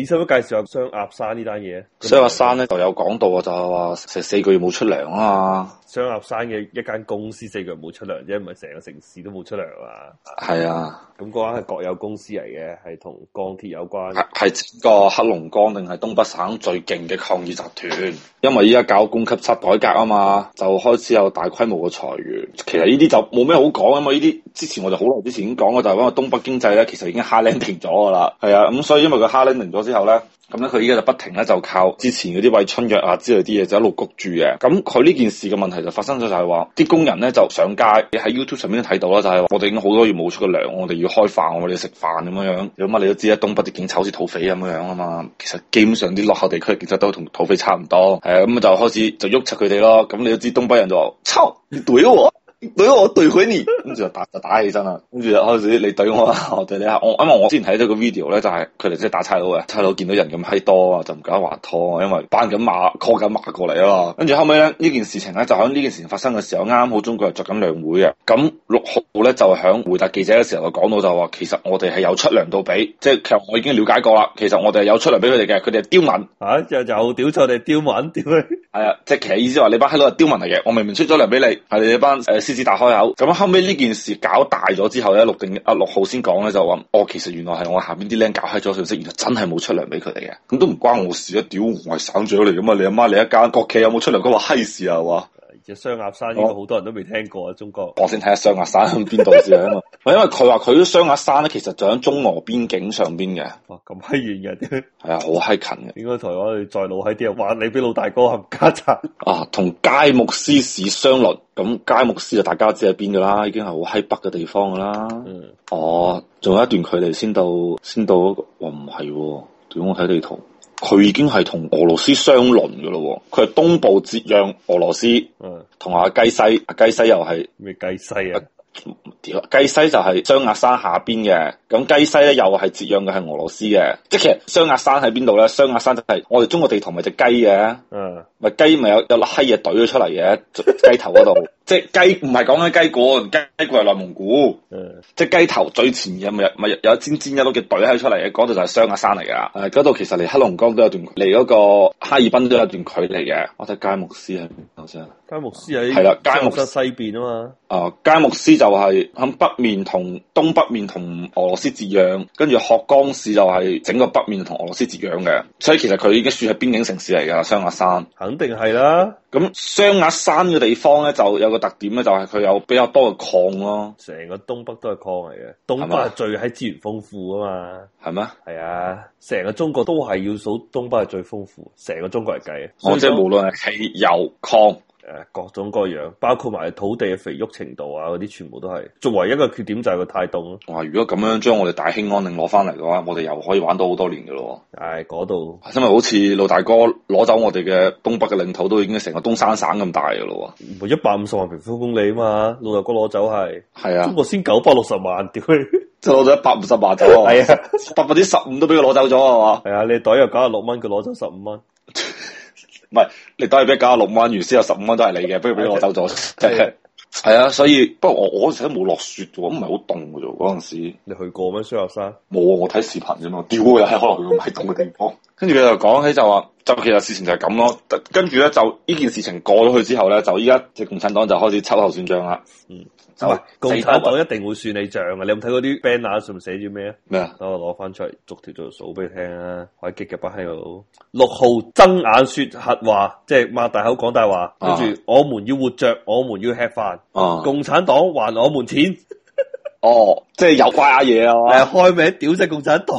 你使唔使介紹下雙鴨山呢單嘢？雙鴨山咧就有講到啊，就係話成四個月冇出糧啊。雙鴨山嘅一間公司四個人冇出糧啫，唔係成個城市都冇出糧啊！係啊，咁嗰間係國有公司嚟嘅，係同鋼鐵有關。係係個黑龍江定係東北省最勁嘅礦業集團。因為依家搞供給側改革啊嘛，就開始有大規模嘅裁員。其實呢啲就冇咩好講啊嘛，呢啲之前我就好耐之前已經講過，就係、是、因為東北經濟咧，其實已經哈冷停咗噶啦。係啊，咁所以因為佢哈冷停咗之後咧。咁咧，佢依家就不停咧，就靠之前嗰啲餵春藥啊之類啲嘢，就一路焗住嘅。咁佢呢件事嘅問題就發生咗，就係話啲工人咧就上街，你喺 YouTube 上面都睇到啦，就係、是、話我哋已經好多月冇出過糧，我哋要開飯，我哋要食飯咁樣樣。咁乜你都知啦，東北啲警察好似土匪咁樣樣啊嘛。其實基本上啲落後地區其實都同土匪差唔多。係咁就開始就喐察佢哋咯。咁你都知東北人就話操， 你對我！」懟我懟佢。對你，跟住就打就打起身啦，跟住就開始你懟我，我懟你啊！我因為我之前睇到個 video 咧，就係佢哋即係打差佬啊，差佬見到人咁閪多啊，就唔夠得話拖啊，因為班咁罵，call 緊罵過嚟啊嘛，跟住後尾咧呢件事情咧就喺呢件事情發生嘅時候，啱好中國又着緊兩會啊，咁六號咧就響回答記者嘅時候就講到就話，其實我哋係有出糧到俾，即係其實我已經了解過啦，其實我哋係有出糧俾佢哋嘅，佢哋係刁民啊，就就屌錯你刁民屌佢，係啊，即係其實意思話你班閪佬係刁民嚟嘅，我明明出咗糧俾你，係你班私自打開口，咁啊後尾呢件事搞大咗之後咧，六定阿六號先講咧就話，哦其實原來係我下邊啲僆搞開咗信息，然後真係冇出糧俾佢哋嘅，咁、嗯、都唔關我事啊！屌，我係省長嚟噶嘛，你阿媽你一間國企有冇出糧，佢話嗨事啊，哇！雙鴨山應該好多人都未聽過啊，中國。我先睇下雙鴨山喺邊度先啊，因為佢話佢啲雙鴨山咧，其實就喺中俄邊境上邊嘅。哦，咁閪遠嘅。係 啊，好閪近嘅。應該同我哋再老閪啲啊，話你俾老大哥冚家鏟 啊，同佳木斯市相鄰，咁佳木斯就大家知喺邊噶啦，已經係好閪北嘅地方噶啦。嗯。哦，仲有一段距離先到，先到、嗰個。我唔係，仲我睇地圖。佢已經係同俄羅斯相鄰噶咯，佢係東部接壤俄羅斯，同阿雞西，阿雞西又係咩雞西啊？啊、雞西就係雙鴨山下邊嘅，咁雞西咧又係接壤嘅係俄羅斯嘅，即係其實雙鴨山喺邊度咧？雙鴨山就係、是、我哋中國地圖咪隻雞嘅，嗯，咪雞咪有有粒閪嘢懟咗出嚟，嘅雞頭嗰度。 即係雞，唔係講緊雞冠，雞冠係內蒙古。的即係雞頭最前嘅咪咪有尖尖一碌嘅嘴喺出嚟嘅，嗰度就係雙鴨山嚟噶。嗰度其實離黑龍江都有段距，離嗰個哈爾濱都有段距離嘅。我睇佳木斯喺邊，我想佳木斯喺係啦，佳木斯西邊啊嘛。啊，佳木斯就係響北面同東北面同俄羅斯接壤，跟住鶴崗市就係整個北面同俄羅斯接壤嘅。所以其實佢已經算係邊境城市嚟噶，雙鴨山肯定係啦、啊。咁雙鴨山嘅地方咧，就有個特點咧，就係佢有比較多嘅礦咯。成個東北都係礦嚟嘅，東北係最喺資源豐富噶嘛，係咩嗎？係啊，成個中國都係要數東北係最豐富，成個中國嚟計啊。即係無論係氣、油、礦。誒，各種各樣，包括埋土地嘅肥沃程度啊，嗰啲全部都係。作為一個缺點就係個太凍咯。哇，如果咁樣將我哋大興安嶺攞翻嚟嘅話，我哋又可以玩到好多年嘅咯。係嗰度，因為好似老大哥攞走我哋嘅東北嘅領土，都已經成個東三省咁大噶咯。一百五十萬平方公里啊嘛，老大哥攞走係。係啊。中國先九百六十萬，屌， 就攞咗一百五十萬啫。係啊，百分之十五都俾佢攞走咗啊嘛。係啊，你袋有九十六蚊，佢攞走十五蚊。唔係，你得嘅俾加六蚊，原先有十五蚊都係你嘅，不如俾我走咗。係啊的， 所以不過我我嗰時都冇落雪嘅，唔係好凍嘅啫。嗰陣時你去過咩？雪岳山？冇，啊，我睇視頻啫嘛。屌嘅又喺可能去佢唔係凍嘅地方。跟住佢就講起就話。就其實事情就係咁咯，跟住咧就呢件事情過咗去之後咧，就依家即係共產黨就開始秋後算賬啦。嗯，係就共產黨一定會算你賬嘅、啊。呃、你有冇睇嗰啲 banner 上面寫住咩啊？咩啊麼？等我攞翻出嚟逐條逐條數俾你聽啊！海激嘅喺度六號睜眼說瞎話，即係擘大口講大話，跟住我們要活着，我們要吃飯，啊、共產黨還我們錢。 哦，即係有怪阿爺啊，啊！ 開名屌晒共產黨。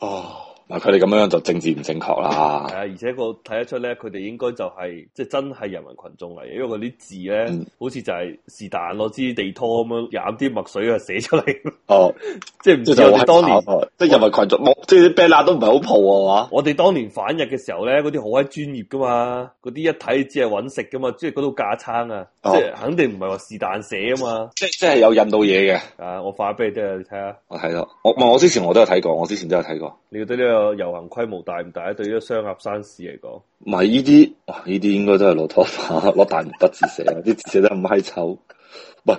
哦。.嗱，佢哋咁樣就政治唔正確啦。係啊，而且個睇得出咧，佢哋應該就係即係真係人民群眾嚟，嘅，因為嗰啲字咧，好似就係是但攞支地拖咁樣揀啲墨水啊寫出嚟。哦，即係唔知我哋當年即係人民羣眾，即係啲 banner 都唔係好蒲啊嘛。我哋當年反日嘅時候咧，嗰啲好閪專業噶嘛，嗰啲一睇只係揾食噶嘛，即係嗰度架撐啊，即係肯定唔係話是但寫啊嘛，即係即係有引導嘢嘅。啊，我發一張俾你睇下。我睇到，我唔係我之前我都有睇過，我之前都有睇過。你覺得呢個？誒，遊行規模大唔大啊？對於雙鴨山市嚟講，唔係呢啲哇，呢啲應該都係攞拖把攞大毛筆字寫，啊，啲字寫得唔係醜。唔，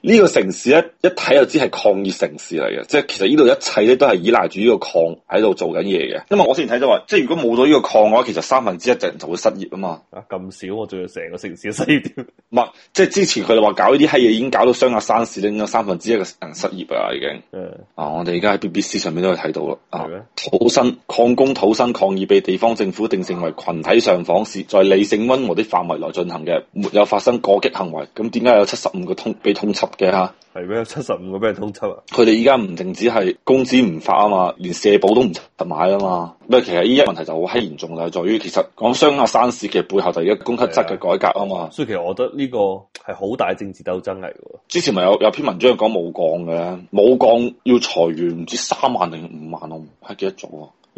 呢個城市咧一睇就知係礦業城市嚟嘅。即係其實呢度一切咧都係依賴住呢個礦喺度做緊嘢嘅。因為我先睇到話，即係如果冇咗呢個礦嘅話，其實三分之一人就會失業啊嘛。啊咁少，我仲要成個城市失業。唔 即係之前佢哋話搞呢啲閪嘢已經搞到雙鴨山市，令到三分之一嘅人失業啊，已經。嗯、啊，我哋而家喺 BBC 上面都會睇到啦嗎、啊。土生礦工土生抗議被地方政府定性為群體上訪是，在理性温和啲範圍內進行嘅，沒有發生過激行為。咁點解有七？十五個通被通緝嘅吓，係咩？七十五個咩通緝啊？佢哋依家唔淨止係工資唔發啊嘛，連社保都唔得買啊嘛。咩？其實呢一問題就好閪嚴重啦，就是、在於其實講雙鴨山市，嘅背後就一個供給側嘅改革嘛啊嘛。所以其實我覺得呢個係好大政治鬥爭嚟嘅。之前咪有有篇文章講武鋼嘅，武鋼要裁員，唔知三萬定五萬，我唔係記得咗。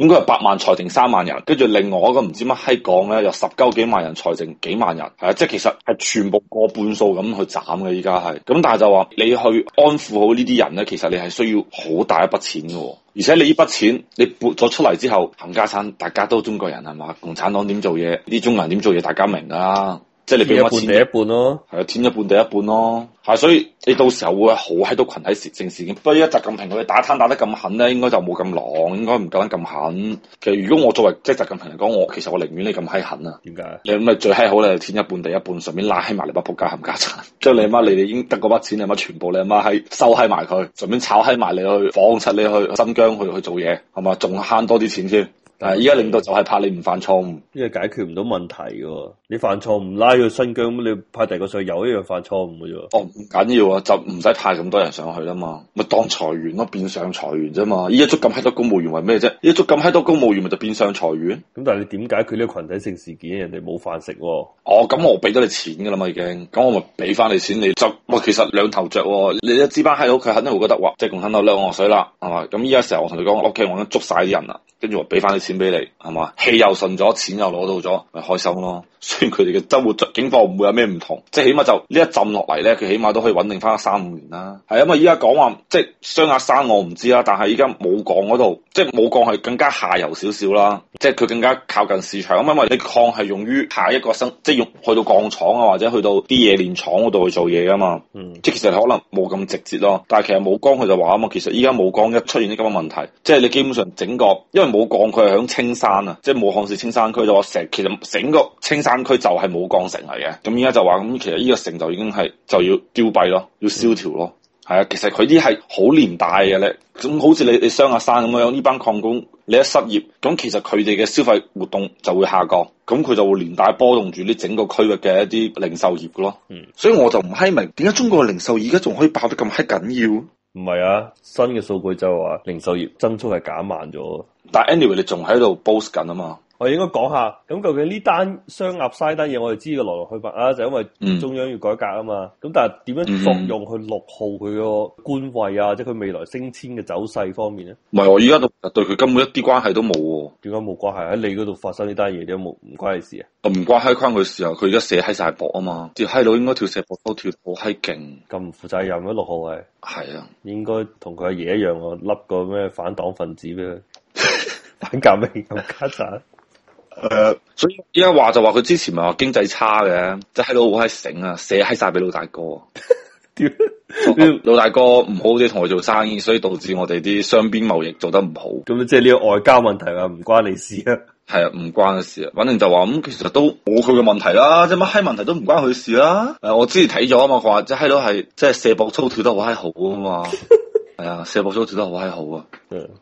應該係八萬財政三萬人，跟住另外一個唔知乜閪講咧，有十九幾萬人財政幾萬人，係啊，即係其實係全部過半數咁去斬嘅依家係。咁但係就話你去安撫好呢啲人咧，其實你係需要好大一筆錢嘅喎、哦。而且你呢筆錢你撥咗出嚟之後，冚家鏟，大家都中國人係嘛？共產黨點做嘢？啲中國人點做嘢？大家明啦。即係俾乜錢？天一半地一半咯，係啊，天一半，地一半咯，係，所以你到時候會好喺到群體性事件。不過依家習近平佢哋打貪打得咁狠咧，應該就冇咁狼，應該唔夠膽咁狠。其實如果我作為即係習近平嚟講，我其實我寧願你咁嗨狠啊。點解？你咪最嗨好咧？天一半地一半，順便拉起埋、那個、 你把仆家冚家鏟，將你阿媽你哋已經得嗰筆錢，你媽全部你阿媽喺收嗨埋佢，順便炒嗨埋你去，放出你去新疆去去做嘢，係嘛？仲慳多啲錢先。但係依家領導就係怕你唔犯錯誤，因為解決唔到問題嘅喎。你犯錯誤拉去新疆，咁你派第二個上又一樣犯錯誤嘅啫。哦，唔緊要啊，就唔使派咁多人上去啦嘛，咪當裁員咯、啊，變相裁員啫嘛。依家捉咁閪多公務員為咩啫？依家捉咁閪多公務員，咪就變相裁員。咁、嗯、但係你點解佢呢個群體性事件、啊，人哋冇飯食喎、啊？哦，咁、嗯、的我俾咗你錢嘅啦嘛，已經，咁我咪俾翻你錢你，執、哦、喂其實兩頭著、啊。你一支班喺屋企肯定會覺得，哇，即係共產黨甩我水啦，係嘛？咁依家時候我同你講，OK，我已經捉晒啲人啦，跟住我俾翻你，你錢。錢俾你係嘛，氣又順咗，錢又攞到咗，咪開心咯。雖然佢哋嘅生活情況唔會有咩唔同，即係起碼就一呢一浸落嚟咧，佢起碼都可以穩定翻三五年啦。係因為依家講話即係雙鴨山，我唔知啦。但係依家武鋼嗰度，即係武鋼係更加下游少少啦，即係佢更加靠近市場。咁因為你礦係用於下一個生，即係用去到鋼廠啊，或者去到啲冶煉廠嗰度去做嘢噶嘛。嗯，即係其實可能冇咁直接咯。但係其實武鋼佢就話啊嘛，其實依家武鋼一出現啲咁嘅問題，即係你基本上整個，因為武鋼佢係青山啊，即係武漢市青山區咯。石其實整個青山區就係武鋼城嚟嘅。咁而家就話咁，其實呢個城就已經係就要凋敝咯，要蕭條咯。係啊，其實佢啲係好連帶嘅咧。咁好似你你雙鴨山咁樣，呢班礦工你一失業，咁其實佢哋嘅消費活動就會下降，咁佢就會連帶波動住呢整個區域嘅一啲零售業噶咯。嗯，所以我就唔閪明，點解中國嘅零售而家仲可以爆得咁閪緊要？唔係啊，新嘅數據就話零售業增速係減慢咗，但係 anyway 你仲喺度 boost 緊啊嘛，我應該講下，咁究竟呢單雙鴨山呢單嘢我哋知嘅來龍去脈啊，就因為中央要改革啊嘛，咁、嗯、但係點樣作用去六號佢個官位啊，即係佢未來升遷嘅走勢方面咧？唔係我而家對對佢根本一啲關係都冇。點解冇關係，喺你嗰度發生呢單嘢嘅冇唔關，你事，關事啊？唔關嗨坤佢事啊！佢而家射喺晒博啊嘛，條嗨佬應該條石博都跳得好嗨勁，咁唔負責任啊六號位係啊，的應該同佢阿爺一樣啊，笠個咩反黨分子俾佢 反革命咁加晒！誒，uh, 所以依家話就話佢之前咪話經濟差嘅，即係閪佬好嗨醒啊，射喺晒俾老大哥。 老大哥唔好好哋同佢做生意，所以導致我哋啲雙邊貿易做得唔好。咁即係呢個外交問題啊，唔關你事啊。係啊，唔關你事啊。反正就話咁、嗯，其實都冇佢嘅問題啦。即係乜閪問題都唔關佢事啦、啊。誒、啊，我之前睇咗啊嘛，佢話即係閪佬係即係射博粗跳得好閪好啊嘛。係、 哎、啊，射博粗跳得好閪好啊。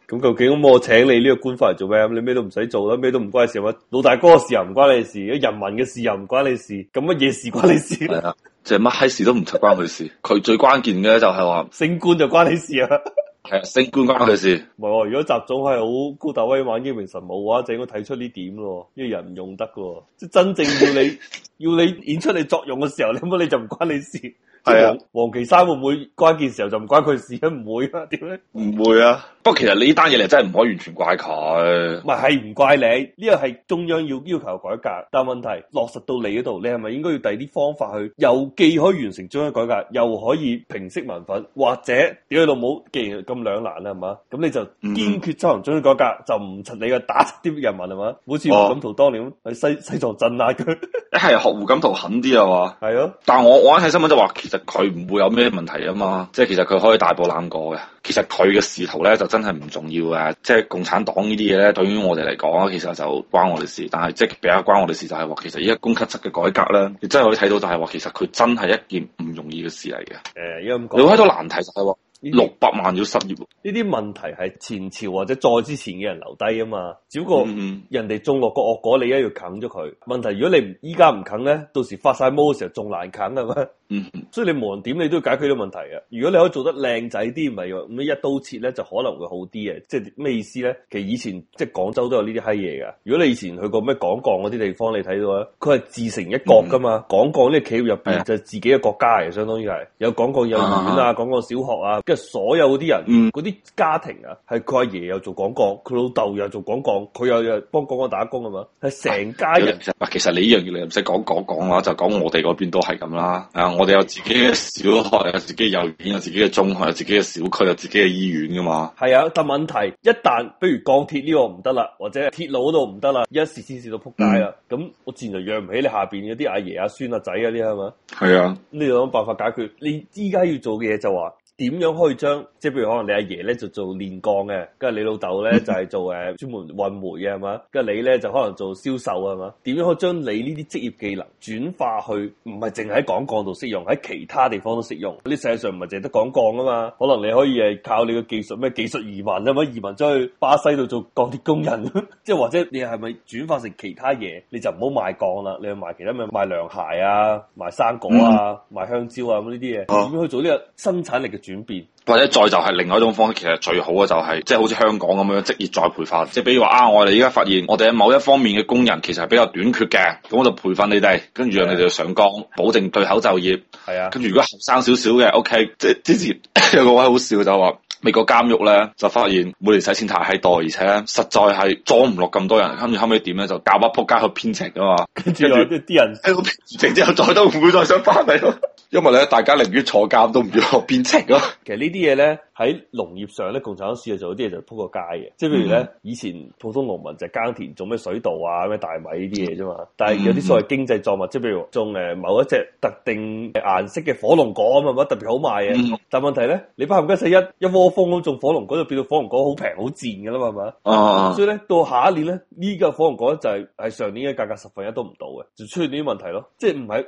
咁究竟咁我請你呢個官法嚟做咩？你咩都唔使做啦，咩都唔關你事啊。老大哥嘅事又、啊、唔關你事，人民嘅事又、啊、唔關你事，咁乜嘢事關你事？ 就乜閪事都唔出關佢事，佢最關鍵嘅就係話升官就關你事啊，係 啊升官關佢事，唔係 如果習總係好高大威猛英明神武嘅話，就應該睇出呢點咯，因為，人唔用得噶，即係真正要你 要你演出你作用嘅時候，你咁你就唔關你事。係王岐山會唔會關鍵時候就唔關佢事咧？唔會啊？點咧？唔會啊！不過其實你呢單嘢嚟真係唔可以完全怪佢。唔係，係唔怪你。呢個係中央要要求改革，但問題落實到你嗰度，你係咪應該要第啲方法去，又既可以完成中央改革，又可以平息民憤，或者屌你老母，既然咁兩難啦，係嘛？咁你就堅決執行中央改革，嗯、就唔趁你個打啲人民係嘛？好似胡錦濤當年喺、哦、西西藏鎮壓佢，一係學胡錦濤狠啲啊嘛？係咯。但係我我喺新聞就話，其實。佢唔會有咩問題啊嘛，即係其實佢可以大步攬過嘅。其實佢嘅仕途咧就真係唔重要嘅，即係共產黨呢啲嘢咧對於我哋嚟講，其實就關我哋事。但係即係比較關我哋事就係話，其實而家供給側嘅改革咧，你真係可以睇到就係話，其實佢真係一件唔容易嘅事嚟嘅。誒、嗯，如果咁講，你開到難題就係、是、喎。六百萬要失業？呢啲問題係前朝或者再之前嘅人留低啊嘛，只不過、嗯、人哋種落個惡果，你而家要啃咗佢。問題如果你唔依家唔啃咧，到時發晒毛嘅時候仲難啃係咪？嗯、所以你無論點，你都要解決啲問題嘅。如果你可以做得靚仔啲，唔係咁一刀切咧，就可能會好啲嘅。即係咩意思咧？其實以前即係廣州都有呢啲閪嘢噶。如果你以前去過咩廣鋼嗰啲地方，你睇到咧，佢係自成一國噶嘛。廣鋼啲企業入邊就自己嘅國家，嚟，相當於係有廣鋼幼兒園啊，廣鋼小學啊。啊啊啊啊啊啊啊即係所有嗰啲人，嗰啲、嗯、家庭啊，係佢阿爺又做廣鋼，佢老豆又做廣鋼，佢又又幫廣鋼打工啊嘛？係成家人、啊。其實你呢樣嘢，你唔使講講講啦，就講我哋嗰邊都係咁啦。啊，我哋有自己嘅小學，有自己嘅幼兒園，有自己嘅中學，有自己嘅小區，有自己嘅醫院噶嘛？係啊，但問題一旦，比如鋼鐵呢個唔得啦，或者鐵路嗰度唔得啦，一時先試到撲街啦，咁、啊、我自然就養唔起你下邊嗰啲阿爺阿孫阿仔嗰啲係嘛？係啊，啊啊是是啊，你有諗辦法解決。你依家要做嘅嘢就話。點樣可以將即係，譬如可能你阿爺咧就做煉鋼嘅，跟住你老豆咧就係、是、做誒專門運煤嘅係嘛，跟住你咧就可能做銷售啊嘛。點樣可以將你呢啲職業技能轉化去唔係淨喺廣鋼度適用，喺其他地方都適用。呢世界上唔係淨係得廣鋼啊嘛，可能你可以係靠你嘅技術咩技術移民啊嘛，移民走去巴西度做鋼鐵工人，即 係或者你係咪轉化成其他嘢，你就唔好賣鋼啦，你去賣其他咩賣涼鞋啊、賣生果啊、嗯、賣香蕉啊咁呢啲嘢，點樣去做呢個生產力嘅？轉變，或者再就係另外一種方式，其實最好嘅就係即係好似香港咁樣職業再培訓，即係比如話啊，我哋依家發現我哋喺某一方面嘅工人其實係比較短缺嘅，咁我就培訓你哋，跟住讓你哋上崗，的保證對口就業。係啊的，跟住如果後生少少嘅 OK，即係之前有個位好笑就話，美國監獄咧就發現每年使錢太閪多，而且實在係裝唔落咁多人，跟住後尾點咧就搞一鋪街去編程啊嘛，跟住啲人編程之後再都唔會再想翻嚟咯。因為咧，大家寧願坐監都唔要變情啊。其實呢啲嘢咧，喺農業上咧，共產黨做啲嘢就扑個街嘅。即係譬如咧，以前普通農民就耕田種咩水稻啊、咩大米呢啲嘢啫嘛。但係有啲所謂經濟作物，即係譬如種誒某一隻特定顏色嘅火龍果咁啊嘛，特別好賣嘅。嗯、但係問題咧，你包含一四一一窩蜂咁種火龍果，就變到火龍果好平好賤噶啦嘛嘛。哦，啊、所以咧到下一年咧，呢、這個火龍果就係喺上年嘅價格十分一都唔到嘅，就出現呢啲問題咯。即係唔係。